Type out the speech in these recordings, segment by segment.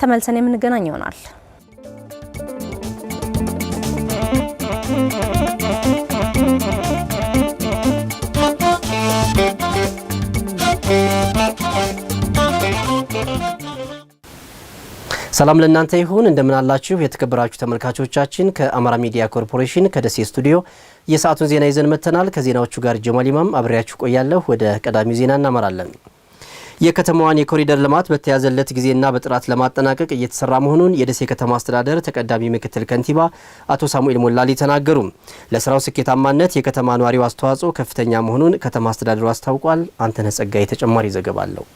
ተመልሰን የምንገናኝ ይሆናል። ሰላም ለእናንተ ይሁን። እንደምናላችሁ የተከበራችሁ ተመልካቾቻችን፣ ከአማራ ሚዲያ ኮርፖሬሽን ከደሴ ስቱዲዮ የሰዓቱን ዜና ይዘን መጥተናል። ከዜናዎቹ ጋር ጀማል ኢማም አብሬያችሁ ቆያለሁ። ወደ ቀዳሚው ዜና እናመራለን። የከተማዋን የኮሪደር ልማት በተያዘለት ጊዜና በጥራት ለማጠናቀቅ እየተሰራ መሆኑን የደሴ ከተማ አስተዳደር ተቀዳሚ ምክትል ከንቲባ አቶ ሳሙኤል ሞላሊ ተናገሩ። ለስራው ስኬታማነት የከተማ ነዋሪው አስተዋጽኦ ከፍተኛ መሆኑን ከተማ አስተዳደሩ አስታውቋል። አንተነህ ጸጋዬ ተጨማሪ ዘገባ አለው።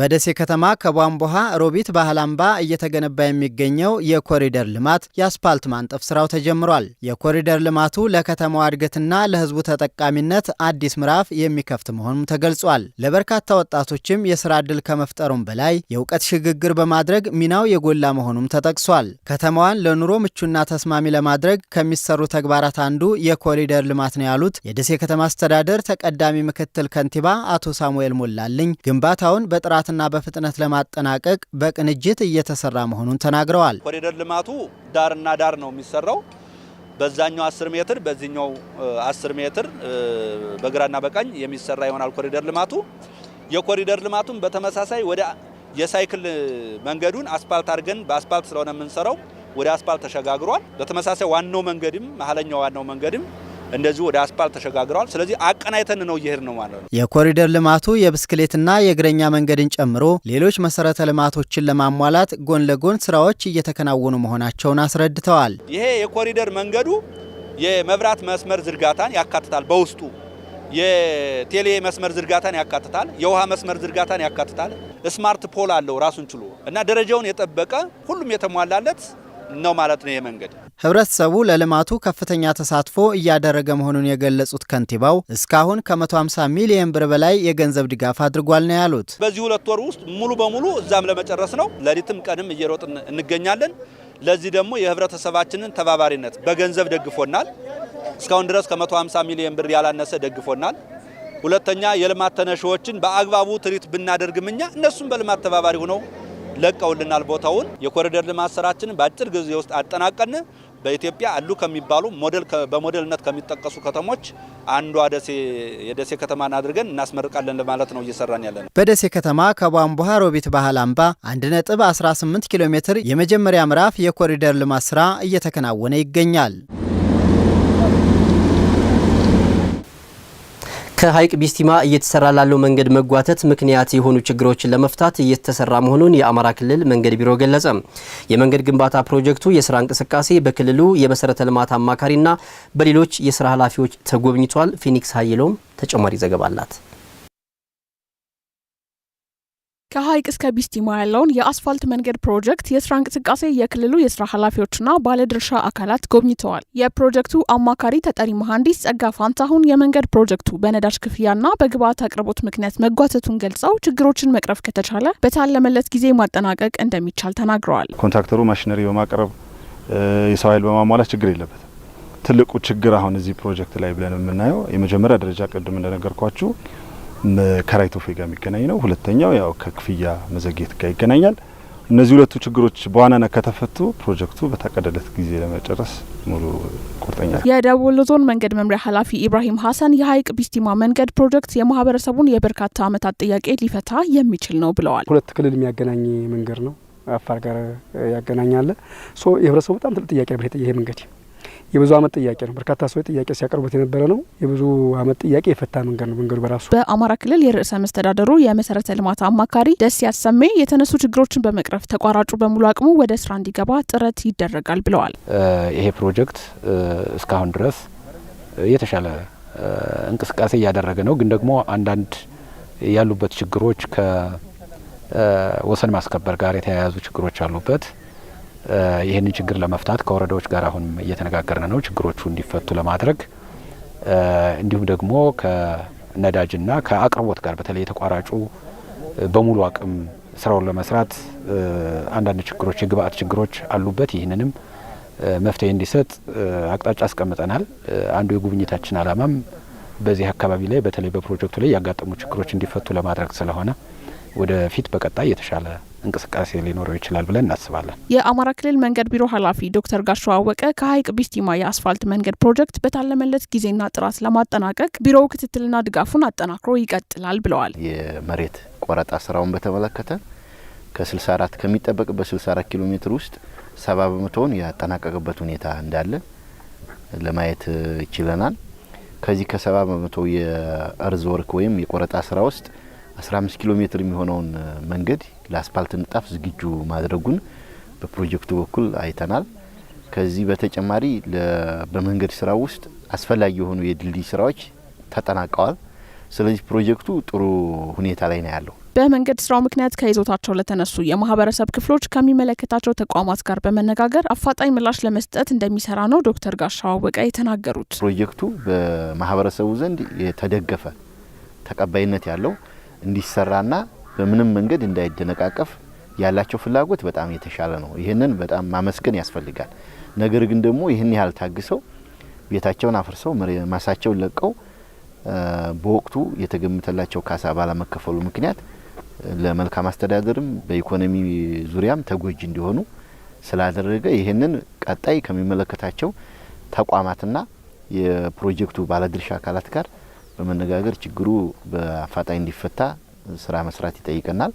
በደሴ ከተማ ከቧንቧሃ ሮቢት ባህል አምባ እየተገነባ የሚገኘው የኮሪደር ልማት የአስፓልት ማንጠፍ ስራው ተጀምሯል። የኮሪደር ልማቱ ለከተማዋ እድገትና ለሕዝቡ ተጠቃሚነት አዲስ ምዕራፍ የሚከፍት መሆኑም ተገልጿል። ለበርካታ ወጣቶችም የስራ ዕድል ከመፍጠሩም በላይ የእውቀት ሽግግር በማድረግ ሚናው የጎላ መሆኑም ተጠቅሷል። ከተማዋን ለኑሮ ምቹና ተስማሚ ለማድረግ ከሚሰሩ ተግባራት አንዱ የኮሪደር ልማት ነው ያሉት የደሴ ከተማ አስተዳደር ተቀዳሚ ምክትል ከንቲባ አቶ ሳሙኤል ሞላልኝ ግንባታውን በጥራት በጥራትና በፍጥነት ለማጠናቀቅ በቅንጅት እየተሰራ መሆኑን ተናግረዋል። ኮሪደር ልማቱ ዳርና ዳር ነው የሚሰራው። በዛኛው 10 ሜትር በዚህኛው 10 ሜትር በግራና በቀኝ የሚሰራ ይሆናል ኮሪደር ልማቱ። የኮሪደር ልማቱን በተመሳሳይ ወደ የሳይክል መንገዱን አስፓልት አድርገን በአስፓልት ስለሆነ የምንሰራው ወደ አስፓልት ተሸጋግሯል። በተመሳሳይ ዋናው መንገድም መሀለኛው ዋናው መንገድም እንደዚሁ ወደ አስፓልት ተሸጋግረዋል። ስለዚህ አቀናይተን ነው እየሄድ ነው ማለት ነው። የኮሪደር ልማቱ የብስክሌትና የእግረኛ መንገድን ጨምሮ ሌሎች መሰረተ ልማቶችን ለማሟላት ጎን ለጎን ስራዎች እየተከናወኑ መሆናቸውን አስረድተዋል። ይሄ የኮሪደር መንገዱ የመብራት መስመር ዝርጋታን ያካትታል። በውስጡ የቴሌ መስመር ዝርጋታን ያካትታል። የውሃ መስመር ዝርጋታን ያካትታል። ስማርት ፖል አለው ራሱን ችሎ እና ደረጃውን የጠበቀ ሁሉም የተሟላለት ነው ማለት ነው። ይሄ መንገድ ህብረተሰቡ ለልማቱ ከፍተኛ ተሳትፎ እያደረገ መሆኑን የገለጹት ከንቲባው እስካሁን ከ150 ሚሊየን ብር በላይ የገንዘብ ድጋፍ አድርጓል ነው ያሉት። በዚህ ሁለት ወር ውስጥ ሙሉ በሙሉ እዛም ለመጨረስ ነው። ሌሊትም ቀንም እየሮጥን እንገኛለን። ለዚህ ደግሞ የህብረተሰባችንን ተባባሪነት በገንዘብ ደግፎናል። እስካሁን ድረስ ከ150 ሚሊየን ብር ያላነሰ ደግፎናል። ሁለተኛ የልማት ተነሺዎችን በአግባቡ ትሪት ብናደርግም እኛ እነሱም በልማት ተባባሪ ሆነው ለቀውልናል ቦታውን። የኮሪደር ልማት ስራችንን በአጭር ጊዜ ውስጥ አጠናቀን በኢትዮጵያ አሉ ከሚባሉ ሞዴል በሞዴልነት ከሚጠቀሱ ከተሞች አንዷ ደሴ የደሴ ከተማን አድርገን እናስመርቃለን ለማለት ነው እየሰራን ያለ ነው። በደሴ ከተማ ከቧንቧ ሮቢት ባህል አምባ 1.18 ኪሎ ሜትር የመጀመሪያ ምዕራፍ የኮሪደር ልማት ስራ እየተከናወነ ይገኛል። ከሀይቅ ቢስቲማ እየተሰራ ላለው መንገድ መጓተት ምክንያት የሆኑ ችግሮችን ለመፍታት እየተሰራ መሆኑን የአማራ ክልል መንገድ ቢሮ ገለጸ። የመንገድ ግንባታ ፕሮጀክቱ የስራ እንቅስቃሴ በክልሉ የመሰረተ ልማት አማካሪና በሌሎች የስራ ኃላፊዎች ተጎብኝቷል። ፊኒክስ ሀይሎም ተጨማሪ ዘገባ አላት። ከሀይቅ እስከ ቢስቲማ ያለውን የአስፋልት መንገድ ፕሮጀክት የስራ እንቅስቃሴ የክልሉ የስራ ኃላፊዎችና ባለድርሻ አካላት ጎብኝተዋል። የፕሮጀክቱ አማካሪ ተጠሪ መሐንዲስ ጸጋ ፋንታሁን የመንገድ ፕሮጀክቱ በነዳጅ ክፍያና በግብአት አቅርቦት ምክንያት መጓተቱን ገልጸው ችግሮችን መቅረፍ ከተቻለ በታለመለት ጊዜ ማጠናቀቅ እንደሚቻል ተናግረዋል። ኮንትራክተሩ ማሽነሪ በማቅረብ የሰው ኃይል በማሟላት ችግር የለበትም። ትልቁ ችግር አሁን እዚህ ፕሮጀክት ላይ ብለን የምናየው የመጀመሪያ ደረጃ ቅድም እንደነገርኳችሁ ከራይት ኦፍ ጋር የሚገናኝ ነው። ሁለተኛው ያው ከክፍያ መዘግየት ጋር ይገናኛል። እነዚህ ሁለቱ ችግሮች በዋናነት ከተፈቱ ፕሮጀክቱ በታቀደለት ጊዜ ለመጨረስ ሙሉ ቁርጠኛ የደቡብ ወሎ ዞን መንገድ መምሪያ ኃላፊ ኢብራሂም ሀሰን የሀይቅ ቢስቲማ መንገድ ፕሮጀክት የማህበረሰቡን የበርካታ ዓመታት ጥያቄ ሊፈታ የሚችል ነው ብለዋል። ሁለት ክልል የሚያገናኝ መንገድ ነው። አፋር ጋር ያገናኛለ ሶ የህብረተሰቡ በጣም ትልቅ ጥያቄ ነበር ይሄ መንገድ የብዙ አመት ጥያቄ ነው። በርካታ ሰዎች ጥያቄ ሲያቀርቡት የነበረ ነው። የብዙ አመት ጥያቄ የፈታ መንገድ ነው መንገዱ በራሱ። በአማራ ክልል የርዕሰ መስተዳደሩ የመሰረተ ልማት አማካሪ ደስ ያሰሜ የተነሱ ችግሮችን በመቅረፍ ተቋራጩ በሙሉ አቅሙ ወደ ስራ እንዲገባ ጥረት ይደረጋል ብለዋል። ይሄ ፕሮጀክት እስካሁን ድረስ የተሻለ እንቅስቃሴ እያደረገ ነው። ግን ደግሞ አንዳንድ ያሉበት ችግሮች ከወሰን ማስከበር ጋር የተያያዙ ችግሮች አሉበት። ይህንን ችግር ለመፍታት ከወረዳዎች ጋር አሁንም እየተነጋገርን ነው፣ ችግሮቹ እንዲፈቱ ለማድረግ እንዲሁም ደግሞ ከነዳጅና ከአቅርቦት ጋር በተለይ የተቋራጩ በሙሉ አቅም ስራውን ለመስራት አንዳንድ ችግሮች የግብአት ችግሮች አሉበት። ይህንንም መፍትሄ እንዲሰጥ አቅጣጫ አስቀምጠናል። አንዱ የጉብኝታችን አላማም በዚህ አካባቢ ላይ በተለይ በፕሮጀክቱ ላይ ያጋጠሙ ችግሮች እንዲፈቱ ለማድረግ ስለሆነ ወደፊት በቀጣይ የተሻለ እንቅስቃሴ ሊኖረው ይችላል ብለን እናስባለን። የአማራ ክልል መንገድ ቢሮ ኃላፊ ዶክተር ጋሾ አወቀ ከሀይቅ ቢስቲማ የአስፋልት መንገድ ፕሮጀክት በታለመለት ጊዜና ጥራት ለማጠናቀቅ ቢሮው ክትትልና ድጋፉን አጠናክሮ ይቀጥላል ብለዋል። የመሬት ቆረጣ ስራውን በተመለከተ ከ64 ከሚጠበቅበት 64 ኪሎ ሜትር ውስጥ ሰባ በመቶውን ያጠናቀቅበት ሁኔታ እንዳለ ለማየት ይችለናል። ከዚህ ከሰባ በመቶ የእርዝ ወርክ ወይም የቆረጣ ስራ ውስጥ 15 ኪሎ ሜትር የሚሆነውን መንገድ ለአስፓልት ንጣፍ ዝግጁ ማድረጉን በፕሮጀክቱ በኩል አይተናል። ከዚህ በተጨማሪ በመንገድ ስራ ውስጥ አስፈላጊ የሆኑ የድልድይ ስራዎች ተጠናቀዋል። ስለዚህ ፕሮጀክቱ ጥሩ ሁኔታ ላይ ነው ያለው። በመንገድ ስራው ምክንያት ከይዞታቸው ለተነሱ የማህበረሰብ ክፍሎች ከሚመለከታቸው ተቋማት ጋር በመነጋገር አፋጣኝ ምላሽ ለመስጠት እንደሚሰራ ነው ዶክተር ጋሻው አወቀ የተናገሩት። ፕሮጀክቱ በማህበረሰቡ ዘንድ የተደገፈ ተቀባይነት ያለው እንዲሰራና በምንም መንገድ እንዳይደነቃቀፍ ያላቸው ፍላጎት በጣም የተሻለ ነው። ይህንን በጣም ማመስገን ያስፈልጋል። ነገር ግን ደግሞ ይህን ያህል ታግሰው ቤታቸውን አፍርሰው ማሳቸውን ለቀው በወቅቱ የተገመተላቸው ካሳ ባለመከፈሉ ምክንያት ለመልካም አስተዳደርም በኢኮኖሚ ዙሪያም ተጎጂ እንዲሆኑ ስላደረገ ይህንን ቀጣይ ከሚመለከታቸው ተቋማትና የፕሮጀክቱ ባለድርሻ አካላት ጋር በመነጋገር ችግሩ በአፋጣኝ እንዲፈታ ስራ መስራት ይጠይቀናል።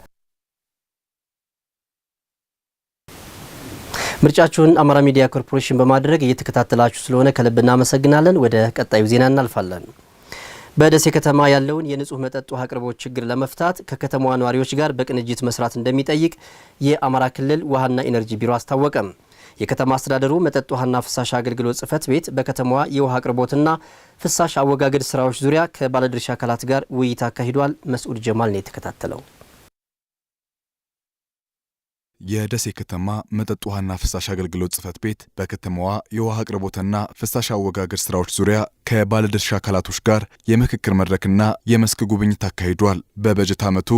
ምርጫችሁን አማራ ሚዲያ ኮርፖሬሽን በማድረግ እየተከታተላችሁ ስለሆነ ከልብ እናመሰግናለን። ወደ ቀጣዩ ዜና እናልፋለን። በደሴ ከተማ ያለውን የንጹህ መጠጥ ውሃ አቅርቦት ችግር ለመፍታት ከከተማዋ ነዋሪዎች ጋር በቅንጅት መስራት እንደሚጠይቅ የአማራ ክልል ውሃና ኢነርጂ ቢሮ አስታወቀም። የከተማ አስተዳደሩ መጠጥ ውሃና ፍሳሽ አገልግሎት ጽህፈት ቤት በከተማዋ የውሃ አቅርቦትና ፍሳሽ አወጋገድ ስራዎች ዙሪያ ከባለድርሻ አካላት ጋር ውይይት አካሂዷል። መስዑድ ጀማል ነው የተከታተለው። የደሴ ከተማ መጠጥ ውሃና ፍሳሽ አገልግሎት ጽፈት ቤት በከተማዋ የውሃ አቅርቦትና ፍሳሽ አወጋገድ ስራዎች ዙሪያ ከባለድርሻ አካላቶች ጋር የምክክር መድረክና የመስክ ጉብኝት አካሂዷል። በበጀት ዓመቱ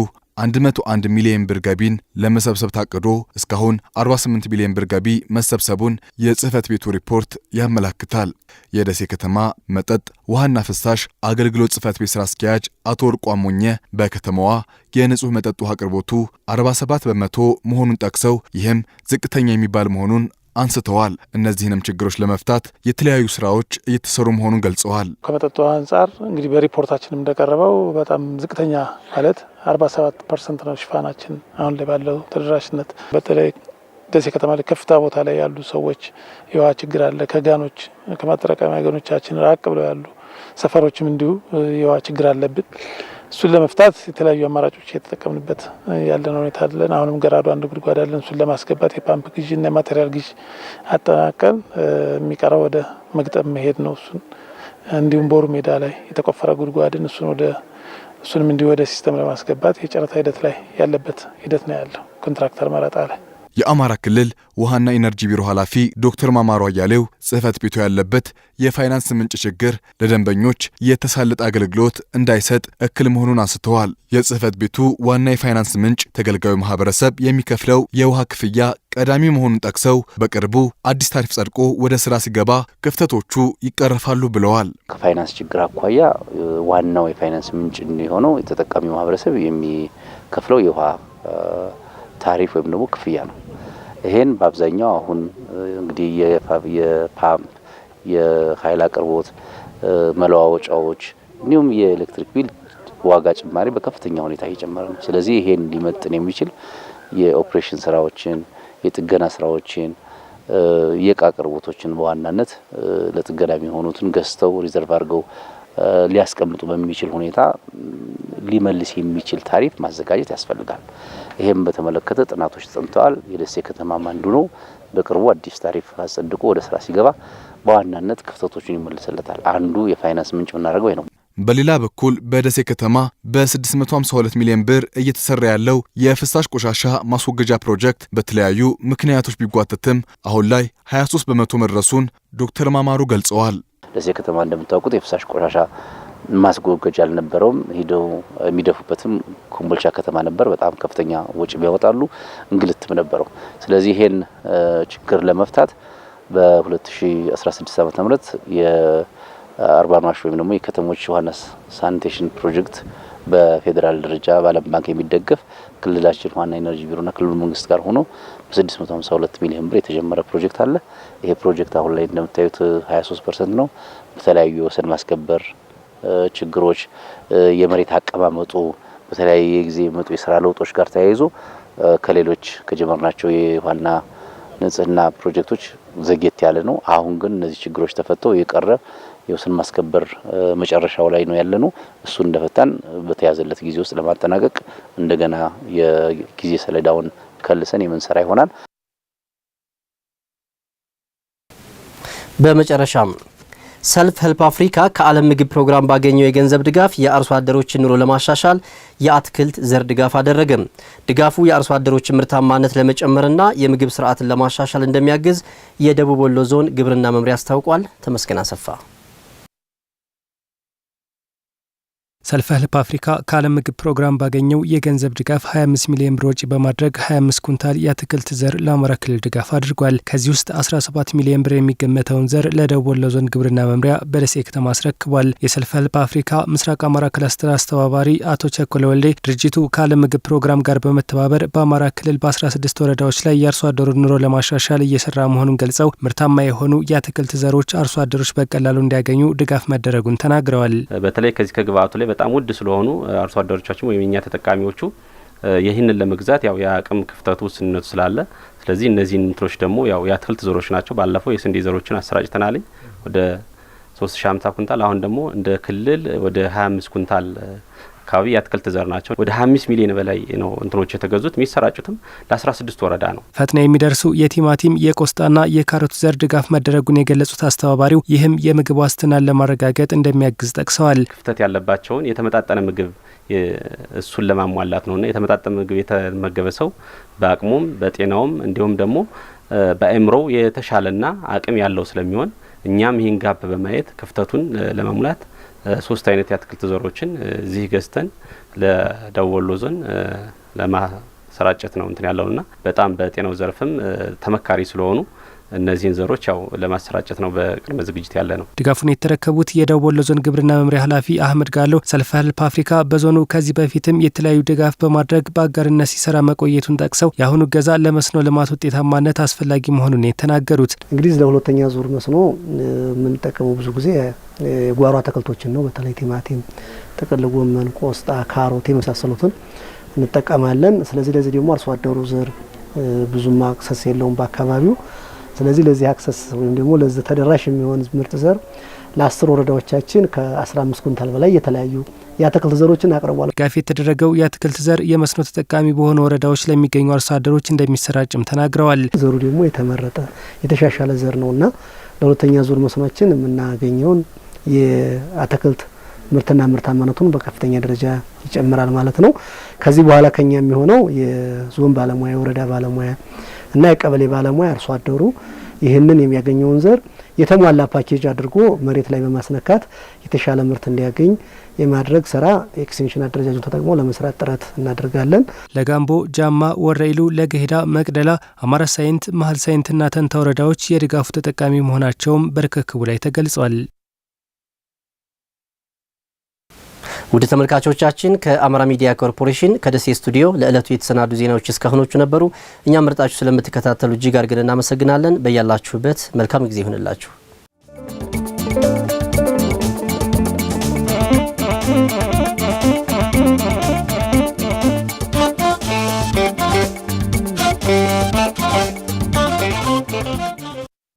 101 ሚሊዮን ብር ገቢን ለመሰብሰብ ታቅዶ እስካሁን 48 ሚሊዮን ብር ገቢ መሰብሰቡን የጽህፈት ቤቱ ሪፖርት ያመላክታል። የደሴ ከተማ መጠጥ ውሃና ፍሳሽ አገልግሎት ጽህፈት ቤት ስራ አስኪያጅ አቶ ወርቁ አሞኘ በከተማዋ የንጹህ መጠጥ ውሃ አቅርቦቱ 47 በመቶ መሆኑን ጠቅሰው ይህም ዝቅተኛ የሚባል መሆኑን አንስተዋል። እነዚህንም ችግሮች ለመፍታት የተለያዩ ስራዎች እየተሰሩ መሆኑን ገልጸዋል። ከመጠጥ አንጻር እንግዲህ በሪፖርታችንም እንደቀረበው በጣም ዝቅተኛ ማለት 47 ፐርሰንት ነው ሽፋናችን አሁን ላይ ባለው ተደራሽነት። በተለይ ደሴ ከተማ ላይ ከፍታ ቦታ ላይ ያሉ ሰዎች የውሃ ችግር አለ። ከጋኖች ከማጠራቀሚያ ገኖቻችን ራቅ ብለው ያሉ ሰፈሮችም እንዲሁ የውሃ ችግር አለብን። እሱን ለመፍታት የተለያዩ አማራጮች እየተጠቀምንበት ያለን ሁኔታ አለን። አሁንም ገራዶ አንድ ጉድጓድ አለን። እሱን ለማስገባት የፓምፕ ግዥና የማቴሪያል ግዥ አጠናቀን የሚቀረው ወደ መግጠም መሄድ ነው። እሱን እንዲሁም ቦሩ ሜዳ ላይ የተቆፈረ ጉድጓድን እሱን ወደ እሱንም እንዲሁ ወደ ሲስተም ለማስገባት የጨረታ ሂደት ላይ ያለበት ሂደት ነው ያለው ኮንትራክተር መረጣ ላይ የአማራ ክልል ውሃና ኢነርጂ ቢሮ ኃላፊ ዶክተር ማማሩ አያሌው ጽህፈት ቤቱ ያለበት የፋይናንስ ምንጭ ችግር ለደንበኞች የተሳለጠ አገልግሎት እንዳይሰጥ እክል መሆኑን አንስተዋል። የጽህፈት ቤቱ ዋና የፋይናንስ ምንጭ ተገልጋዩ ማህበረሰብ የሚከፍለው የውሃ ክፍያ ቀዳሚ መሆኑን ጠቅሰው በቅርቡ አዲስ ታሪፍ ጸድቆ ወደ ስራ ሲገባ ክፍተቶቹ ይቀረፋሉ ብለዋል። ከፋይናንስ ችግር አኳያ ዋናው የፋይናንስ ምንጭ የሆነው የተጠቃሚ ማህበረሰብ የሚከፍለው የውሃ ታሪፍ ወይም ደግሞ ክፍያ ነው። ይሄን በአብዛኛው አሁን እንግዲህ የፓምፕ የኃይል አቅርቦት መለዋወጫዎች እንዲሁም የኤሌክትሪክ ቢል ዋጋ ጭማሪ በከፍተኛ ሁኔታ እየጨመረ ነው። ስለዚህ ይሄን ሊመጥን የሚችል የኦፕሬሽን ስራዎችን፣ የጥገና ስራዎችን፣ የእቃ አቅርቦቶችን በዋናነት ለጥገና የሚሆኑትን ገዝተው ሪዘርቭ አድርገው ሊያስቀምጡ በሚችል ሁኔታ ሊመልስ የሚችል ታሪፍ ማዘጋጀት ያስፈልጋል። ይህም በተመለከተ ጥናቶች ተጠንተዋል። የደሴ ከተማም አንዱ ነው። በቅርቡ አዲስ ታሪፍ አጸድቆ ወደ ስራ ሲገባ በዋናነት ክፍተቶችን ይመልስለታል። አንዱ የፋይናንስ ምንጭ የምናደርገው ነው። በሌላ በኩል በደሴ ከተማ በ652 ሚሊዮን ብር እየተሰራ ያለው የፍሳሽ ቆሻሻ ማስወገጃ ፕሮጀክት በተለያዩ ምክንያቶች ቢጓተትም አሁን ላይ 23 በመቶ መድረሱን ዶክተር ማማሩ ገልጸዋል። ደሴ ከተማ እንደምታውቁት የፍሳሽ ቆሻሻ ማስጎገጃ አልነበረውም። ሂደው የሚደፉበትም ኮምቦልቻ ከተማ ነበር። በጣም ከፍተኛ ወጪ ቢያወጣሉ፣ እንግልትም ነበረው። ስለዚህ ይሄን ችግር ለመፍታት በ2016 ዓ.ም የአርባን ዋሽ ወይም ደግሞ የከተሞች ውሃና ሳኒቴሽን ፕሮጀክት በፌዴራል ደረጃ በዓለም ባንክ የሚደገፍ ክልላችን ውሃና ኢነርጂ ቢሮና ክልሉ መንግስት ጋር ሆኖ 652 ሚሊዮን ብር የተጀመረ ፕሮጀክት አለ። ይሄ ፕሮጀክት አሁን ላይ እንደምታዩት 23 ፐርሰንት ነው። በተለያዩ የወሰን ማስከበር ችግሮች፣ የመሬት አቀማመጡ በተለያየ ጊዜ የመጡ የስራ ለውጦች ጋር ተያይዞ ከሌሎች ከጀመርናቸው የዋና ንጽህና ፕሮጀክቶች ዘጌት ያለ ነው። አሁን ግን እነዚህ ችግሮች ተፈተው የቀረ የወሰን ማስከበር መጨረሻው ላይ ነው ያለነው። እሱን እንደፈታን በተያዘለት ጊዜ ውስጥ ለማጠናቀቅ እንደገና የጊዜ ሰሌዳውን ከልሰን የምንሰራ ይሆናል። በመጨረሻም ሰልፍ ሄልፕ አፍሪካ ከዓለም ምግብ ፕሮግራም ባገኘው የገንዘብ ድጋፍ የአርሶ አደሮችን ኑሮ ለማሻሻል የአትክልት ዘር ድጋፍ አደረገም። ድጋፉ የአርሶ አደሮችን ምርታማነት ለመጨመርና የምግብ ስርዓትን ለማሻሻል እንደሚያግዝ የደቡብ ወሎ ዞን ግብርና መምሪያ አስታውቋል። ተመስገን አሰፋ ሰልፈ ሄልፕ አፍሪካ ከዓለም ምግብ ፕሮግራም ባገኘው የገንዘብ ድጋፍ 25 ሚሊዮን ብር ወጪ በማድረግ 25 ኩንታል የአትክልት ዘር ለአማራ ክልል ድጋፍ አድርጓል። ከዚህ ውስጥ 17 ሚሊዮን ብር የሚገመተውን ዘር ለደቡብ ወሎ ዞን ግብርና መምሪያ በደሴ ከተማ አስረክቧል። የሰልፈ ሄልፕ አፍሪካ ምስራቅ አማራ ክላስተር አስተባባሪ አቶ ቸኮለ ወልዴ ድርጅቱ ከዓለም ምግብ ፕሮግራም ጋር በመተባበር በአማራ ክልል በ16 ወረዳዎች ላይ የአርሶ አደሩን ኑሮ ለማሻሻል እየሰራ መሆኑን ገልጸው ምርታማ የሆኑ የአትክልት ዘሮች አርሶ አደሮች በቀላሉ እንዲያገኙ ድጋፍ መደረጉን ተናግረዋል። በተለይ ከዚህ ከግብአቱ ላይ በጣም ውድ ስለሆኑ አርሶ አደሮቻችን ወይም እኛ ተጠቃሚዎቹ ይህንን ለመግዛት ያው የአቅም ክፍተቱ ውስንነቱ ስላለ ስለዚህ እነዚህ ንትሮች ደግሞ ያው የአትክልት ዘሮች ናቸው። ባለፈው የስንዴ ዘሮችን አሰራጭተናልኝ ወደ ሶስት ሺ ሀምሳ ኩንታል አሁን ደግሞ እንደ ክልል ወደ ሀያ አምስት ኩንታል አካባቢ የአትክልት ዘር ናቸው። ወደ 25 ሚሊዮን በላይ ነው እንትኖች የተገዙት። የሚሰራጩትም ለ16 ወረዳ ነው። ፈጥና የሚደርሱ የቲማቲም የቆስጣና የካሮት ዘር ድጋፍ መደረጉን የገለጹት አስተባባሪው ይህም የምግብ ዋስትናን ለማረጋገጥ እንደሚያግዝ ጠቅሰዋል። ክፍተት ያለባቸውን የተመጣጠነ ምግብ እሱን ለማሟላት ነውና የተመጣጠነ ምግብ የተመገበ ሰው በአቅሙም በጤናውም እንዲሁም ደግሞ በአእምሮ የተሻለና አቅም ያለው ስለሚሆን እኛም ይህን ጋፕ በማየት ክፍተቱን ለመሙላት ሶስት አይነት የአትክልት ዘሮችን እዚህ ገዝተን ለደቡብ ወሎ ዞን ለማሰራጨት ነው እንትን ያለውና በጣም በጤናው ዘርፍም ተመካሪ ስለሆኑ እነዚህን ዘሮች ያው ለማሰራጨት ነው በቅድመ ዝግጅት ያለ ነው። ድጋፉን የተረከቡት የደቡብ ወሎ ዞን ግብርና መምሪያ ኃላፊ አህመድ ጋለው ሰልፍ ሄልፕ አፍሪካ በዞኑ ከዚህ በፊትም የተለያዩ ድጋፍ በማድረግ በአጋርነት ሲሰራ መቆየቱን ጠቅሰው የአሁኑ ገዛ ለመስኖ ልማት ውጤታማነት አስፈላጊ መሆኑን የተናገሩት እንግዲህ ለሁለተኛ ዙር መስኖ የምንጠቀመው ብዙ ጊዜ የጓሮ አትክልቶችን ነው። በተለይ ቲማቲም፣ ጥቅል ጎመን፣ ቆስጣ፣ ካሮት የመሳሰሉትን እንጠቀማለን። ስለዚህ ለዚህ ደግሞ አርሶ አደሩ ዘር ብዙም አክሰስ የለውም በአካባቢው ስለዚህ ለዚህ አክሰስ ወይም ደግሞ ለዚህ ተደራሽ የሚሆን ምርጥ ዘር ለአስር ወረዳዎቻችን ከ15 ኩንታል በላይ የተለያዩ የአትክልት ዘሮችን አቅርቧል። ጋፊ የተደረገው የአትክልት ዘር የመስኖ ተጠቃሚ በሆኑ ወረዳዎች ለሚገኙ አርሶ አደሮች እንደሚሰራጭም ተናግረዋል። ዘሩ ደግሞ የተመረጠ የተሻሻለ ዘር እና ለሁለተኛ ዙር መስኖችን የምናገኘውን የአትክልት ምርትና ምርታማነቱን በከፍተኛ ደረጃ ይጨምራል ማለት ነው። ከዚህ በኋላ ከኛ የሚሆነው የዞን ባለሙያ የወረዳ ባለሙያ እና የቀበሌ ባለሙያ አርሶ አደሩ ይህንን የሚያገኘውን ዘር የተሟላ ፓኬጅ አድርጎ መሬት ላይ በማስነካት የተሻለ ምርት እንዲያገኝ የማድረግ ስራ ኤክስቴንሽን አደረጃጀቱን ተጠቅሞ ለመስራት ጥረት እናደርጋለን። ለጋምቦ፣ ጃማ፣ ወረኢሉ፣ ለገሄዳ፣ መቅደላ፣ አማራ ሳይንት፣ መሀል ሳይንትና ተንታ ወረዳዎች የድጋፉ ተጠቃሚ መሆናቸውም በርክክቡ ላይ ተገልጿል። ውድ ተመልካቾቻችን ከአማራ ሚዲያ ኮርፖሬሽን ከደሴ ስቱዲዮ ለዕለቱ የተሰናዱ ዜናዎች እስካሁኖቹ ነበሩ። እኛም መርጣችሁ ስለምትከታተሉ እጅግ አድርገን እናመሰግናለን። በያላችሁበት መልካም ጊዜ ይሁንላችሁ።